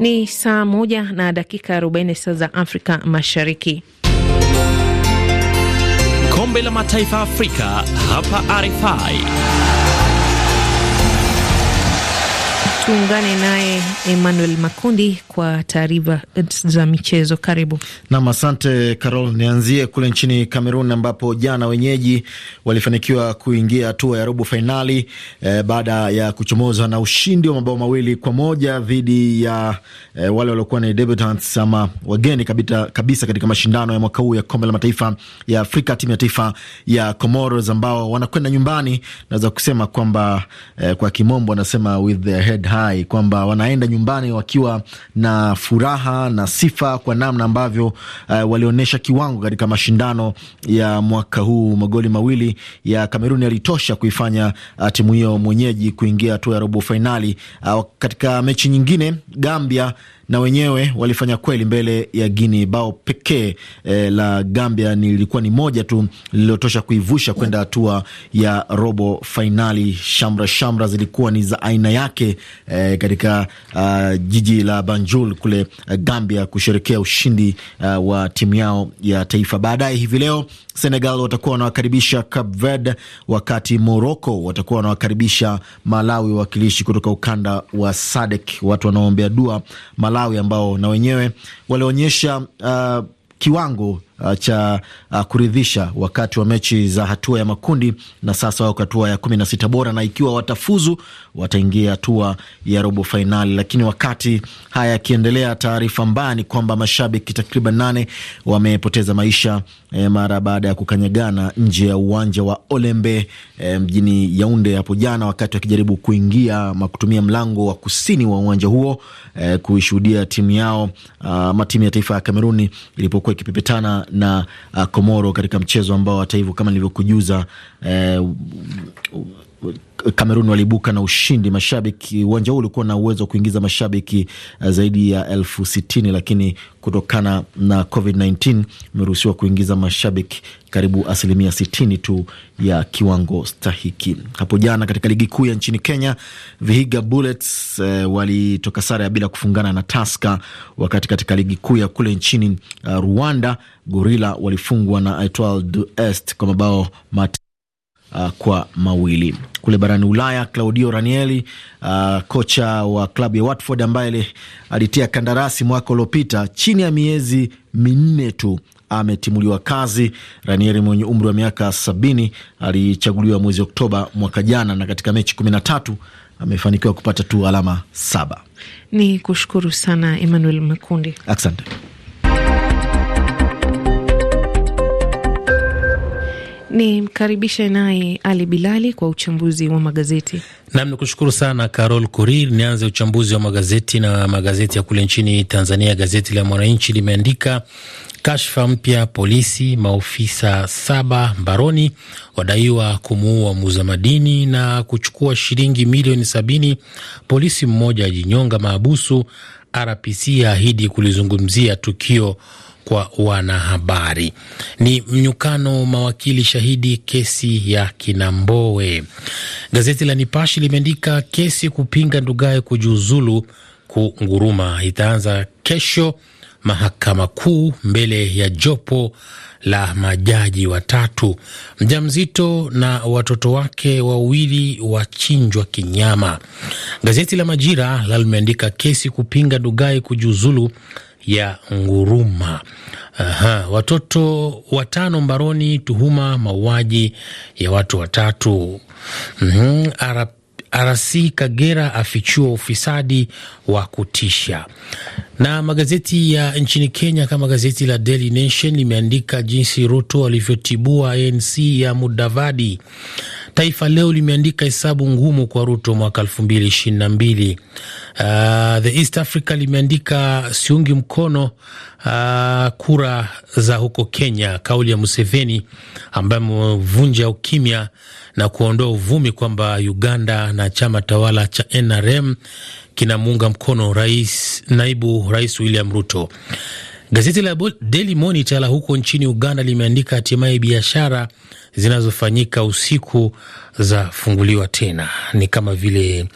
Ni saa moja na dakika 40 saa za Afrika Mashariki. Kombe la Mataifa Afrika hapa RFI. Tuungane naye Emmanuel Makundi kwa taarifa za michezo. Karibu nam. Asante Carol, nianzie kule nchini Kamerun ambapo jana wenyeji walifanikiwa kuingia hatua ya robo fainali eh, baada ya kuchomoza na ushindi wa mabao mawili kwa moja dhidi ya eh, wale waliokuwa ni debutants ama wageni kabita, kabisa katika mashindano ya mwaka huu ya kombe la mataifa ya Afrika, timu ya taifa ya Comoros ambao wanakwenda nyumbani. Naweza kusema kwamba eh, kwa kimombo wanasema with their head high hai kwamba wanaenda nyumbani wakiwa na furaha na sifa kwa namna ambavyo uh, walionyesha kiwango katika mashindano ya mwaka huu. Magoli mawili ya Kameruni yalitosha kuifanya uh, timu hiyo mwenyeji kuingia hatua ya robo fainali. Uh, ah, katika mechi nyingine Gambia na wenyewe walifanya kweli mbele ya Guini. Bao pekee eh, la Gambia nilikuwa ni moja tu lililotosha kuivusha kwenda hatua ya robo fainali. Shamra shamra zilikuwa ni za aina yake eh, katika uh, jiji la Banjul kule uh, Gambia kusherekea ushindi uh, wa timu yao ya taifa. Baadaye hivi leo Senegal watakuwa wanawakaribisha Cape Verde, wakati Morocco watakuwa wanawakaribisha Malawi, wawakilishi kutoka ukanda wa SADC, watu wanaoombea dua Malawi Malawi ambao na wenyewe walionyesha uh, kiwango Uh, cha uh, kuridhisha wakati wa mechi za hatua ya makundi, na sasa wako hatua ya kumi na sita bora, na ikiwa watafuzu wataingia hatua ya robo fainali. Lakini wakati haya yakiendelea, taarifa mbaya ni kwamba mashabiki takriban nane wamepoteza maisha eh, mara baada ya kukanyagana nje ya uwanja wa Olembe eh, mjini Yaunde hapo jana, wakati wakijaribu kuingia kutumia mlango wa kusini wa uwanja huo eh, kuishuhudia timu yao ah, ama matimu ya taifa ya Kameruni ilipokuwa ikipepetana na uh, Komoro katika mchezo ambao hata hivyo kama nilivyokujuza uh, Kamerun waliibuka na ushindi. Mashabiki, uwanja huu ulikuwa na uwezo wa kuingiza mashabiki eh, zaidi ya elfu sitini lakini kutokana na COVID-19 umeruhusiwa kuingiza mashabiki karibu asilimia sitini tu ya kiwango stahiki. Hapo jana katika ligi kuu ya nchini Kenya, Vihiga Bullets eh, walitoka sare ya bila kufungana na Taska, wakati katika ligi kuu ya kule nchini uh, Rwanda gorila walifungwa na Etoile du Est kwa mabao uh, kwa mawili. Kule barani Ulaya, Claudio Ranieri uh, kocha wa klabu ya Watford ambaye alitia kandarasi mwaka uliopita chini ya miezi minne tu ametimuliwa kazi. Ranieri mwenye umri wa miaka sabini alichaguliwa mwezi Oktoba mwaka jana, na katika mechi kumi na tatu amefanikiwa kupata tu alama saba. Ni kushukuru sana Emmanuel makundi asante. Ni mkaribishe naye Ali Bilali kwa uchambuzi wa magazeti. Nam ni kushukuru sana Carol kurir Nianze uchambuzi wa magazeti na magazeti ya kule nchini Tanzania. Gazeti la Mwananchi limeandika kashfa mpya, polisi maofisa saba mbaroni, wadaiwa kumuua muuza madini na kuchukua shilingi milioni sabini, polisi mmoja ajinyonga maabusu, RPC yaahidi kulizungumzia tukio kwa wanahabari. Ni mnyukano mawakili shahidi kesi ya kinambowe Gazeti la Nipashi limeandika kesi kupinga Ndugai kujiuzulu kunguruma, itaanza kesho mahakama kuu mbele ya jopo la majaji watatu. Mjamzito na watoto wake wawili wachinjwa kinyama. Gazeti la Majira la limeandika kesi kupinga Ndugai kujiuzulu ya Nguruma. Aha, watoto watano mbaroni tuhuma mauaji ya watu watatu. mm -hmm. RC Kagera afichua ufisadi wa kutisha. Na magazeti ya nchini Kenya kama gazeti la Daily Nation limeandika jinsi Ruto alivyotibua ANC ya Mudavadi. Taifa Leo limeandika hesabu ngumu kwa Ruto mwaka elfu mbili ishirini na mbili. Uh, the East Africa limeandika siungi mkono uh, kura za huko Kenya, kauli ya Museveni ambaye amevunja ukimya na kuondoa uvumi kwamba Uganda na chama tawala cha NRM kinamuunga mkono rais, naibu rais William Ruto. Gazeti la Daily Monitor la huko nchini Uganda limeandika hatimaye biashara zinazofanyika usiku zafunguliwa tena, ni kama vile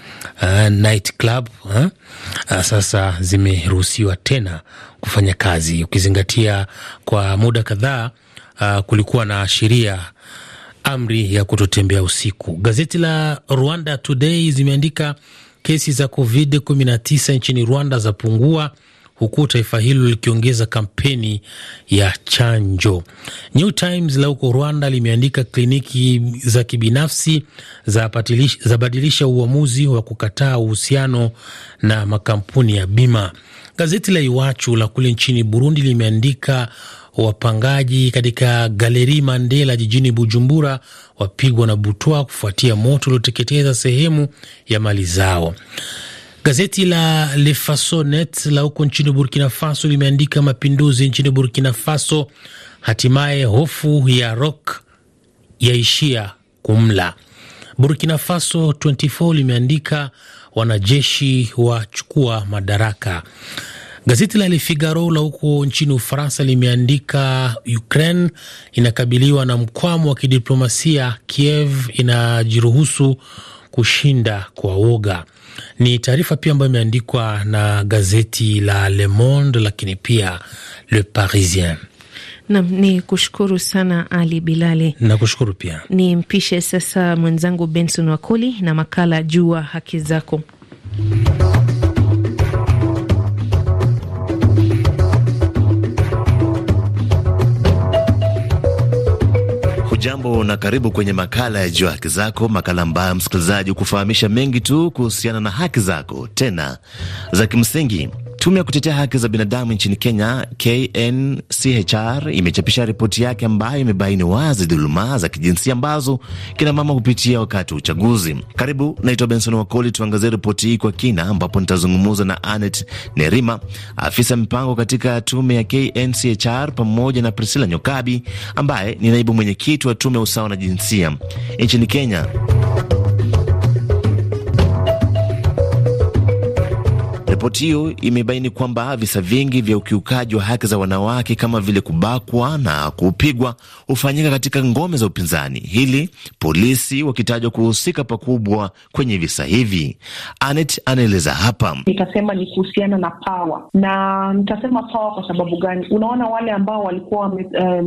uh, night club uh, uh, sasa zimeruhusiwa tena kufanya kazi, ukizingatia kwa muda kadhaa uh, kulikuwa na sheria amri ya kutotembea usiku. Gazeti la Rwanda Today zimeandika kesi za COVID 19 nchini Rwanda zapungua huku taifa hilo likiongeza kampeni ya chanjo. New Times la huko Rwanda limeandika kliniki za kibinafsi zabadilisha uamuzi wa kukataa uhusiano na makampuni ya bima. Gazeti la Iwachu la kule nchini Burundi limeandika wapangaji katika Galeri Mandela jijini Bujumbura wapigwa na butwa kufuatia moto ulioteketeza sehemu ya mali zao. Gazeti la Le Fasonet la huko nchini Burkina Faso limeandika mapinduzi nchini Burkina Faso, hatimaye hofu ya Rock yaishia kumla. Burkina Faso 24 limeandika wanajeshi wachukua madaraka. Gazeti la Le Figaro la huko nchini Ufaransa limeandika Ukraine inakabiliwa na mkwamo wa kidiplomasia, Kiev inajiruhusu kushinda kwa woga. Ni taarifa pia ambayo imeandikwa na gazeti la Le Monde lakini pia Le Parisien. Nam ni kushukuru sana Ali Bilali, nakushukuru pia. Ni mpishe sasa mwenzangu Benson Wakoli na makala Jua Haki Zako. Hujambo na karibu kwenye makala ya Jua Haki Zako, makala ambayo msikilizaji kufahamisha mengi tu kuhusiana na haki zako, tena za kimsingi. Tume ya kutetea haki za binadamu nchini Kenya, KNCHR, imechapisha ripoti yake ambayo imebaini wazi dhuluma za kijinsia ambazo kina mama hupitia wakati wa uchaguzi. Karibu, naitwa Benson Wakoli. Tuangazie ripoti hii kwa kina, ambapo nitazungumza na Anet Nerima, afisa mpango katika tume ya KNCHR, pamoja na Priscilla Nyokabi ambaye ni naibu mwenyekiti wa tume ya usawa na jinsia nchini Kenya. Ripoti hiyo imebaini kwamba visa vingi vya ukiukaji wa haki za wanawake kama vile kubakwa na kupigwa hufanyika katika ngome za upinzani, hili polisi wakitajwa kuhusika pakubwa kwenye visa hivi. Anet anaeleza hapa. Nitasema ni kuhusiana na pawa, na nitasema pawa kwa sababu gani? Unaona wale ambao walikuwa eh,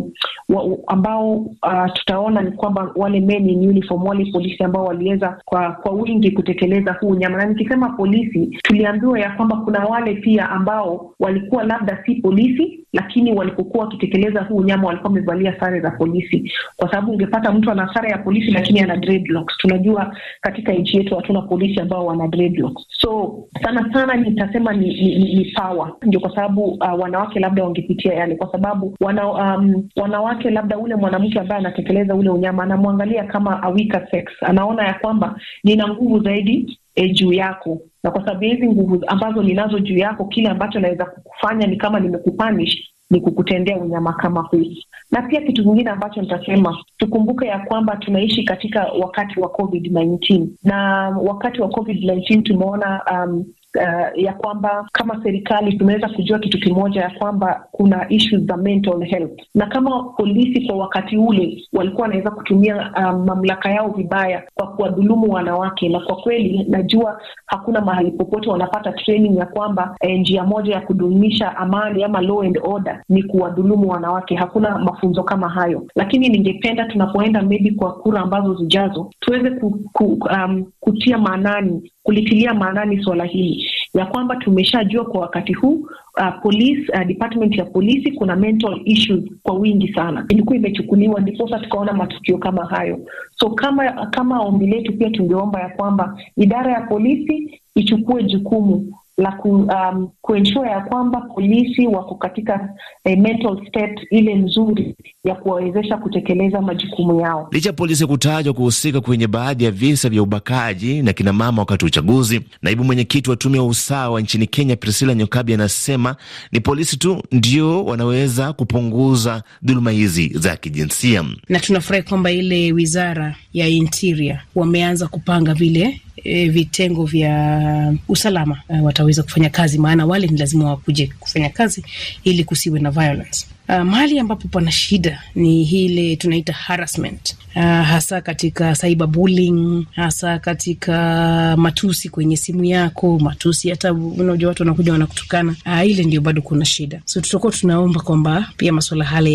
wa, ambao uh, tutaona ni kwamba wale men in uniform, wale polisi ambao waliweza kwa, kwa wingi kutekeleza huu nyama, na nikisema polisi tuliambiwa ya kwamba kwamba kuna wale pia ambao walikuwa labda si polisi, lakini walipokuwa wakitekeleza huu unyama walikuwa wamevalia sare za polisi, kwa sababu ungepata mtu ana sare ya polisi lakini ana dreadlocks. Tunajua katika nchi yetu hatuna polisi ambao wana dreadlocks. So sana sana nitasema ni, ni, ni, ni power ndio, kwa sababu uh, wanawake labda wangepitia yale, kwa sababu wana, um, wanawake labda ule mwanamke ambaye anatekeleza ule unyama anamwangalia kama a weaker sex, anaona ya kwamba nina nguvu zaidi e, juu yako, na kwa sababu hizi nguvu ambazo ninazo juu yako, kile ambacho naweza kukufanya ni kama nimekupanish ni kukutendea unyama kama huu. Na pia kitu kingine ambacho nitasema, tukumbuke ya kwamba tunaishi katika wakati wa COVID-19, na wakati wa COVID-19 tumeona um, uh, ya kwamba kama serikali tumeweza kujua kitu kimoja, ya kwamba kuna issues za mental health, na kama polisi kwa wakati ule walikuwa wanaweza kutumia uh, mamlaka yao vibaya kwa kuwadhulumu wanawake, na kwa kweli najua hakuna mahali popote wanapata training ya kwamba eh, njia moja ya kudumisha amani ama law and order ni kuwadhulumu wanawake. Hakuna mafunzo kama hayo, lakini ningependa tunapoenda maybe kwa kura ambazo zijazo tuweze ku, ku, um, kutia maanani kulitilia maanani suala hili ya kwamba tumeshajua kwa wakati huu uh, police, uh, department ya polisi kuna mental issues kwa wingi sana, ilikuwa imechukuliwa, ndiposa tukaona matukio kama hayo. So kama kama ombi letu pia tungeomba ya kwamba idara ya polisi ichukue jukumu la ku, um, kuensure ya kwamba polisi wako katika eh, mental state ile nzuri ya kuwawezesha kutekeleza majukumu yao. Licha polisi kutajwa kuhusika kwenye baadhi ya visa vya ubakaji na kinamama wakati wa uchaguzi, naibu mwenyekiti wa tume ya usawa nchini Kenya Priscilla Nyokabi anasema ni polisi tu ndio wanaweza kupunguza dhuluma hizi za kijinsia. Na tunafurahi kwamba ile wizara ya interior wameanza kupanga vile e, vitengo vya usalama e, wataweza kufanya kazi, maana wale ni lazima wakuje kufanya kazi ili kusiwe na violence. Uh, mahali ambapo pana shida ni ile tunaita harassment. Uh, hasa katika cyber bullying, hasa katika matusi kwenye simu yako, matusi hata unajua watu wanakuja wanakutukana. Uh, ile ndio bado kuna shida, so tutakuwa tunaomba kwamba pia masuala hale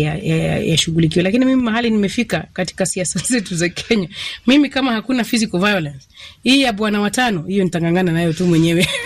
yashughulikiwe ya, ya, lakini mimi mahali nimefika katika siasa zetu za Kenya, mimi kama hakuna physical violence hii ya bwana watano hiyo nitangangana nayo tu mwenyewe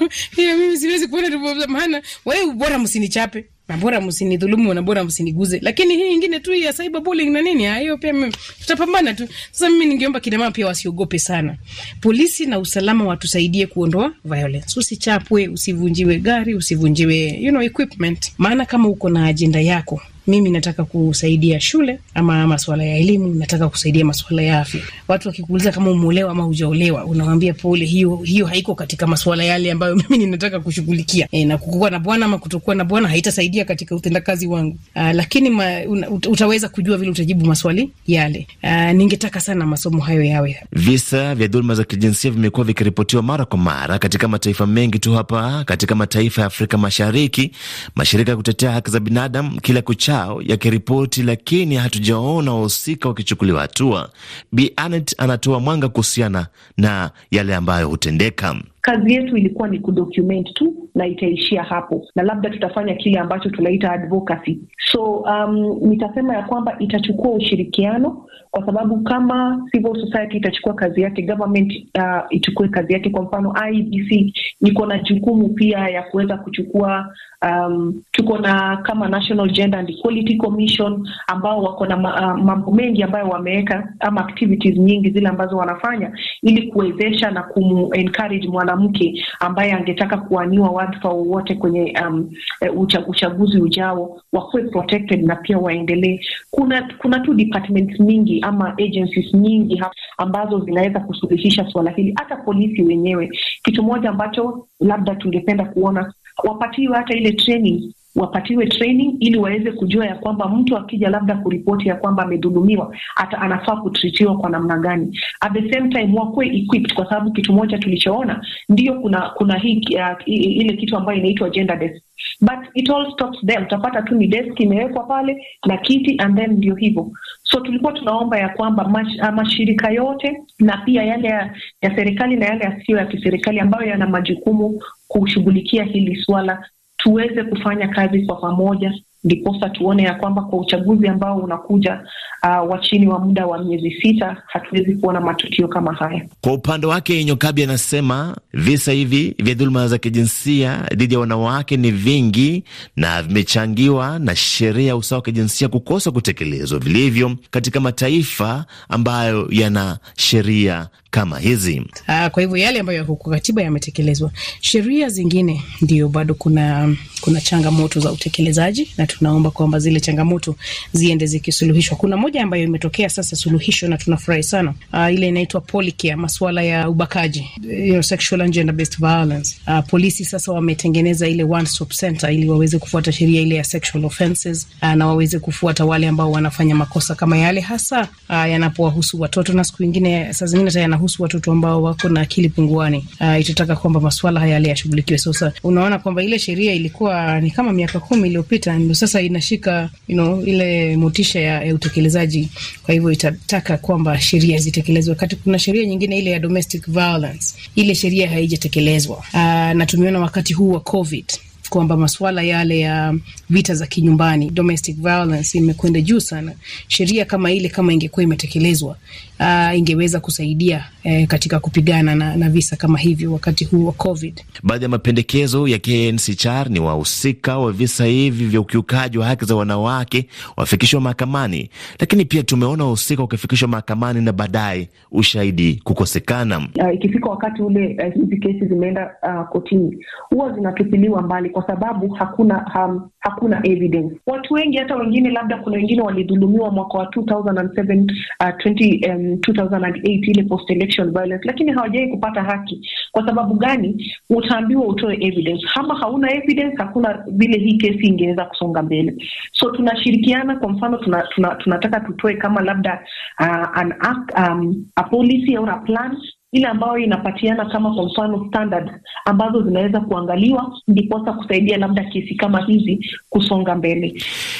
hiyo mimi siwezi kuona tofauti, maana wewe bora msinichape na bora msinidhulumu na bora msiniguze, lakini hii ingine tu ya cyber bullying na nini, ah, hiyo pia mimi tutapambana tu. Sasa mimi ningeomba kina mama pia wasiogope sana, polisi na usalama watusaidie kuondoa violence. Usichapwe, usivunjiwe gari, usivunjiwe you know equipment, maana kama uko na ajenda yako mimi nataka kusaidia shule ama maswala ya elimu, nataka kusaidia maswala ya afya. Watu wakikuuliza kama umeolewa ama hujaolewa, unawambia pole, hiyo hiyo haiko katika maswala yale ambayo mimi ninataka kushughulikia. E, na kukuwa na bwana ama kutokuwa na bwana haitasaidia katika utendakazi wangu. Aa, ah, lakini ma, una, utaweza kujua vile utajibu maswali yale. Aa, ah, ningetaka sana masomo hayo yawe. Visa vya dhuluma za kijinsia vimekuwa vikiripotiwa mara kwa mara katika mataifa mengi tu hapa katika mataifa ya Afrika Mashariki. Mashirika ya kutetea haki za binadamu kila kucha yao yakiripoti, lakini hatujaona wahusika wakichukuliwa hatua. Bi Anet anatoa mwanga kuhusiana na yale ambayo hutendeka. Kazi yetu ilikuwa ni kudocument tu na itaishia hapo, na labda tutafanya kile ambacho tunaita advocacy. So um, nitasema ya kwamba itachukua ushirikiano, kwa sababu kama civil society itachukua kazi yake, government uh, ichukue kazi yake. Kwa mfano IBC e iko na jukumu pia ya kuweza kuchukua um, tuko na kama National Gender and Equality Commission ambao wako na uh, mambo mengi ambayo wameweka ama activities nyingi zile ambazo wanafanya ili kuwezesha na kumencourage mwana mwanamke ambaye angetaka kuaniwa wadhifa wowote kwenye um, eh, ucha, uchaguzi ujao wakuwe protected na pia waendelee. Kuna kuna tu departments nyingi ama agencies nyingi ambazo zinaweza kusuluhisha suala hili, hata polisi wenyewe. Kitu moja ambacho labda tungependa kuona wapatiwe hata ile training wapatiwe training ili waweze kujua ya kwamba mtu akija labda kuripoti ya kwamba amedhulumiwa hata anafaa kutritiwa kwa namna gani. At the same time wakuwe equipped, kwa sababu kitu moja tulichoona ndio kuna kuna hii uh, ile kitu ambayo inaitwa gender desk but it all stops there. Utapata tu ni desk imewekwa pale na kiti and then ndio hivyo. So tulikuwa tunaomba ya kwamba mash, uh, mashirika yote na pia yale ya, ya serikali na yale yasiyo ya kiserikali ambayo yana majukumu kushughulikia hili swala tuweze kufanya kazi kwa pamoja, ndiposa tuone ya kwamba kwa uchaguzi ambao unakuja uh, wa chini wa muda wa miezi sita hatuwezi kuona matukio kama haya. Kwa upande wake, Nyokabi anasema visa hivi vya dhuluma za kijinsia dhidi ya wanawake ni vingi na vimechangiwa na sheria ya usawa wa kijinsia kukosa kutekelezwa vilivyo katika mataifa ambayo yana sheria kama hizi. Aa, ah, kwa hivyo yale ambayo yako kwa katiba yametekelezwa, sheria zingine ndio bado kuna, kuna changamoto za utekelezaji, na tunaomba kwamba zile changamoto ziende zikisuluhishwa. Kuna moja ambayo imetokea sasa suluhisho, na tunafurahi sana. Aa, ah, ile inaitwa polikia, masuala ya ubakaji, you know, sexual and gender based violence. Aa, ah, polisi sasa wametengeneza ile one stop center ili waweze kufuata sheria ile ya sexual offenses, aa, na waweze kufuata wale ambao wanafanya makosa kama yale hasa yanapowahusu watoto na siku ingine saa zingine hata yanahusu inahusu watoto ambao wako na akili punguani. Uh, itataka kwamba maswala haya yale yashughulikiwe. Sasa unaona kwamba ile sheria ilikuwa ni kama miaka kumi iliyopita, ndio sasa inashika you know, ile motisha ya, ya utekelezaji. Kwa hivyo itataka kwamba sheria zitekelezwe, wakati kuna sheria nyingine ile ya domestic violence, ile sheria haijatekelezwa. Uh, na tumeona wakati huu wa COVID kwamba masuala yale ya vita za kinyumbani domestic violence imekwenda juu sana. Sheria kama ile kama ingekuwa imetekelezwa, uh, ingeweza kusaidia eh, katika kupigana na, na visa kama hivyo wakati huu wa COVID. Baadhi ya mapendekezo ya KNCHR ni wahusika wa visa hivi vya ukiukaji wa haki za wanawake wafikishwa mahakamani, lakini pia tumeona wahusika wakifikishwa mahakamani na baadaye ushahidi kukosekana. Uh, ikifika wakati ule eh, hizi uh, kesi zimeenda uh, kotini, huwa zinatupiliwa mbali kwa sababu hakuna um, hakuna evidence. Watu wengi hata wengine, labda kuna wengine walidhulumiwa mwaka wa 2007 uh, 20, um, 2008 ile post election violence, lakini hawajawahi kupata haki. Kwa sababu gani? Utaambiwa utoe evidence. Kama hauna evidence, hakuna vile hii kesi ingeweza kusonga mbele. So tunashirikiana, kwa mfano tuna, tuna, tunataka tutoe kama labda uh, an act, um, a policy au a plan ile ambayo inapatiana kama kwa mfano standards ambazo zinaweza kuangaliwa ndiposa kusaidia labda kesi kama hizi kusonga mbele.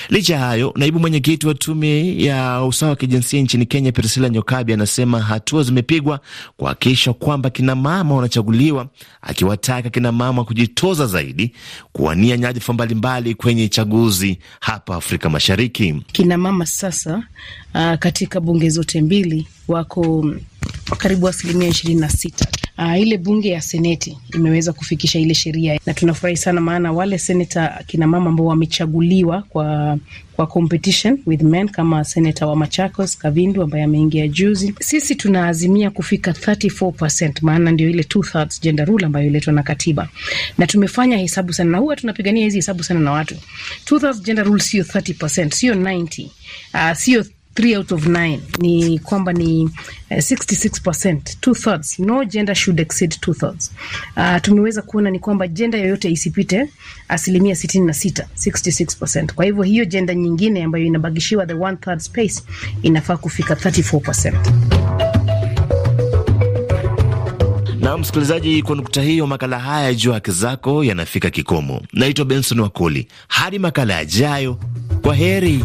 Licha hayo, naibu mwenyekiti wa tume ya usawa wa kijinsia nchini Kenya, Priscilla Nyokabi, anasema hatua zimepigwa kuhakikisha kwamba kinamama wanachaguliwa, akiwataka kinamama kujitoza zaidi kuwania nyadhifa mbalimbali kwenye chaguzi hapa Afrika Mashariki. Kinamama sasa, uh, katika bunge zote mbili wako karibu asilimia ishirini na sita. Uh, ile bunge ya seneti imeweza kufikisha ile sheria na tunafurahi sana, maana wale seneta kina mama ambao wamechaguliwa kwa kwa competition with men kama seneta wa Machakos Kavindu ambaye ameingia juzi, sisi tunaazimia kufika 34%, maana ndio ile two thirds gender rule ambayo iletwa na katiba, na tumefanya hesabu sana, na huwa tunapigania hizi hesabu sana na watu. Two thirds gender rule sio 30%, sio 90, uh, ah, sio three out of ni kwamba ni 66%, two thirds, no gender should exceed two thirds. Uh, ah, tumeweza kuona ni kwamba gender yoyote isipite asilimia 66, 66%. Kwa hivyo hiyo gender nyingine ambayo inabakishiwa the one third space inafaa kufika 34%. Na msikilizaji, kwa nukta hiyo, makala haya jua haki zako yanafika kikomo. Naitwa Benson Wakoli, hadi makala yajayo, kwa heri.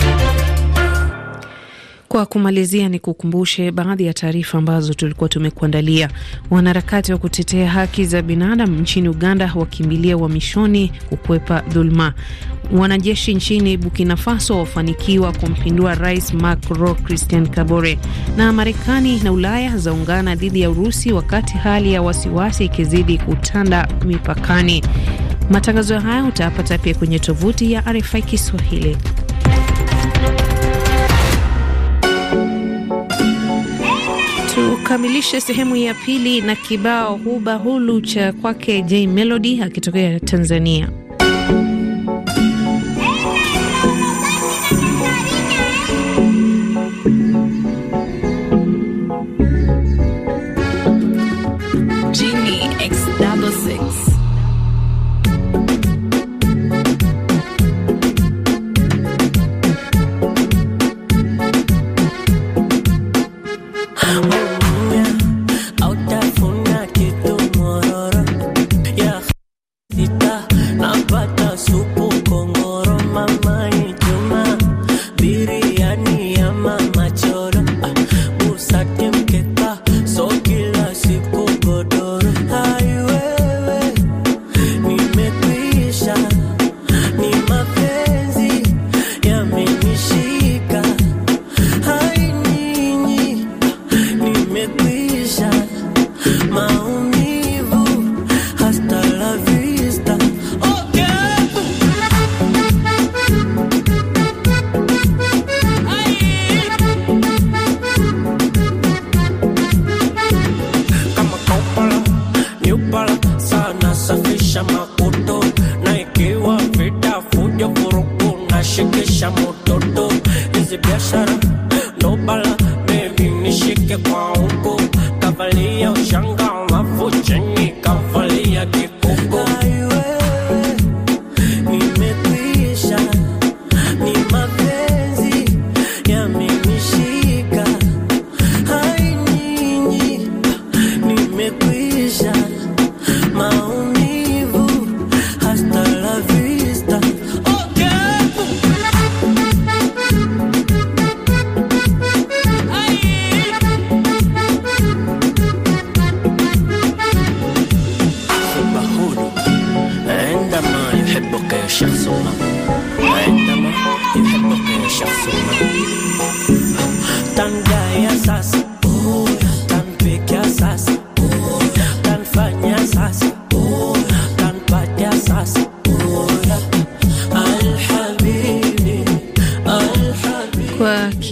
Kwa kumalizia, ni kukumbushe baadhi ya taarifa ambazo tulikuwa tumekuandalia. Wanaharakati wa kutetea haki za binadamu nchini Uganda wakimbilia uhamishoni kukwepa dhuluma. Wanajeshi nchini Burkina Faso wafanikiwa kumpindua rais Marc Roch Christian Kabore. Na Marekani na Ulaya zaungana dhidi ya Urusi wakati hali ya wasiwasi ikizidi kutanda mipakani. Matangazo haya utayapata pia kwenye tovuti ya RFI Kiswahili. Tukamilishe sehemu ya pili na kibao huba hulu cha kwake J Melody akitokea Tanzania.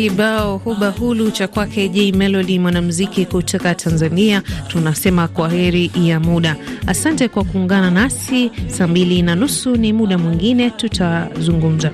kibao hubahulu cha kwake J Melody, mwanamuziki kutoka Tanzania. Tunasema kwa heri ya muda. Asante kwa kuungana nasi. Saa mbili na nusu ni muda mwingine tutazungumza